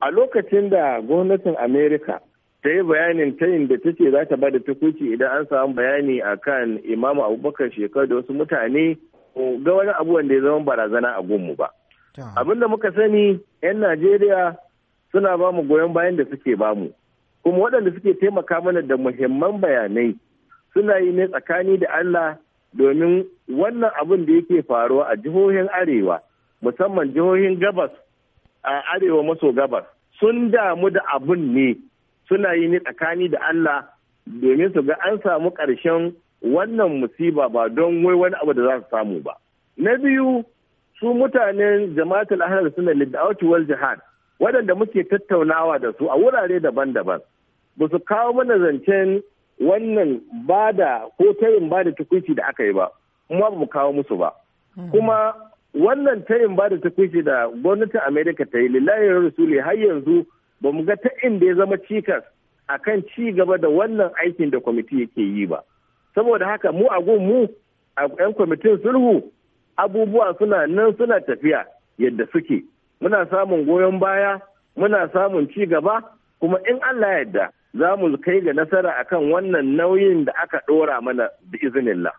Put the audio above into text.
a lokacin da gwamnatin amerika ta yi bayanin tayin da ta ce za ta ba da tukuci idan an samu bayani a kan imamu abubakar shekaru da wasu mutane ga wani abu da ya zama barazana a gunmu ba abinda muka sani 'yan najeriya suna ba mu goyon bayan da suke ba mu kuma waɗanda suke taimaka mana da muhimman bayanai suna yi ne tsakani da allah domin wannan abin da yake faruwa a jihohin arewa musamman jihohin gabas a arewa maso gabas. sun damu da abun ne suna yi ni tsakani da Allah domin su ga an samu ƙarshen wannan musiba ba don wai wani abu da za su samu ba. Na biyu su mutanen jama'atul ahlar suna lidawati wal jihad waɗanda muke tattaunawa da su a wurare daban-daban ba su kawo mana zancen wannan bada ko tarin bada tukunci da aka yi ba kuma ba mu kawo musu ba hmm. kuma wannan tayin ba da ta kushe da gwamnatin amerika ta yi lillahi rasuli har yanzu ba mu ga ta inda ya zama cikas a kan ci gaba da wannan aikin da kwamiti yake yi ba saboda haka mu a mu a 'yan kwamitin sulhu abubuwa suna nan suna tafiya yadda suke muna samun goyon baya muna samun ci gaba kuma in allah yadda za mu kai ga nasara akan wannan nauyin da aka ɗora mana da izinillah